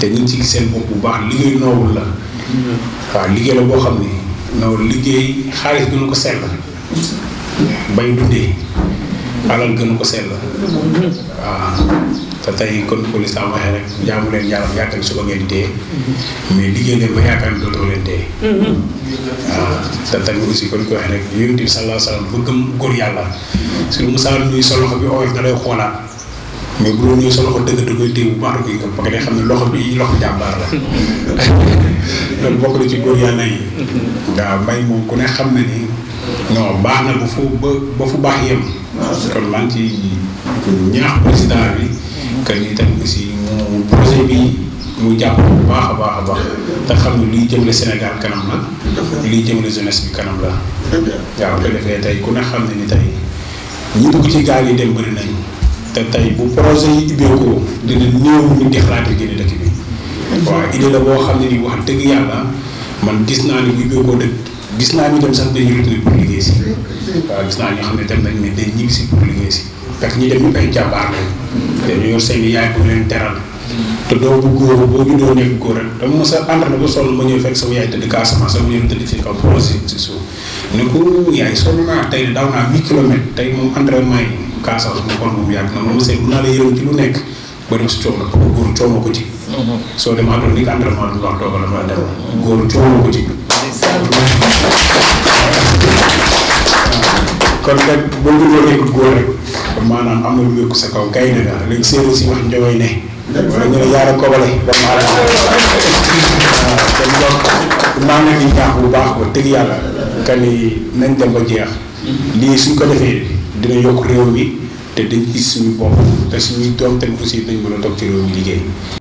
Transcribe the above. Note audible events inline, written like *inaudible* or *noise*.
te ñu ngi ci gis seen bopp bu baax liggéey noowul la waaw liggéey la boo xam ne noowul liggéey xaalis gënu ko sell bay dundee alal gënu ko sell waaw te tey kon police la waxee rek jaamu leen yàlla yaakaar suba ngeen dee mais liggéey leen ba yaakaar ni dootoo leen dee waaw te tamit aussi kon ko waxee rek yonent bi sallallahu alayhi wa sallam bëggam góor yàlla su mu saan ñuy sa bi oyof da xoolaat mais bu doon ñëw sa loxo dëgg da koy téye bu baax da koy gëm parce que xam ne loxo bi loxo jàmbaar la *laughs* loolu bokk na ci góor yàlla yi waaw mbay moom ku ne xam na ni non baax na ba fu ba ba fu baax yem kon maa ngi ci ñaax président bi que ni tam aussi mu projet bi mu jàpp bu baax a baax a baax te xam ne luy jëmale Sénégal kanam la luy jëmale jeunesse bi kanam la waaw te defee tey ku ne xam ne ni tey ñu dugg ci gaal yi dem bëri nañ te tey bu projet yi ubbeekoo dina néew ñu di xalaat yi génne dëkk bi waaw idée la boo xam ne ni wax dëgg yàlla man gis naa ni bu ubbeekoo dëkk gis naa ñu dem sax dañu retourné pour liggéey si waaw ne dem nañ mais dañ ñibbi si pour si fekk ñu dem ay jàmbaar lañ dañu yor seen yaay pour leen teral te doo bu góor boo juddoo nekk góor rek dama mos a ànd na ba sonn ma ñëw fekk sama yaay tëdd Casamance sama ñëw tëdd ci kaw projet si suuf ne ko yaay sonn naa tey daaw naa huit kilomètres tey moom entraînement yi Casamance mu kon bu yàgg na ma monsieur mun naa la yërëm ci lu nekk ba dem si coono ko ci. Mhm. soo dem àndoon ni entraînement bi wax dooga kon nag boo am na lu wékku kaw gay na daal léegi séeréer si wax njogoy ne. wala ñu ñaax bu baax ba dëgg yàlla. que nañ dem ba jeex. Mhm. lii suñ ko defee. dina yokk réew mi te dañ gis suñu bopp te suñuy doom tamit aussi dañ mën a toog ci réew mi liggéey.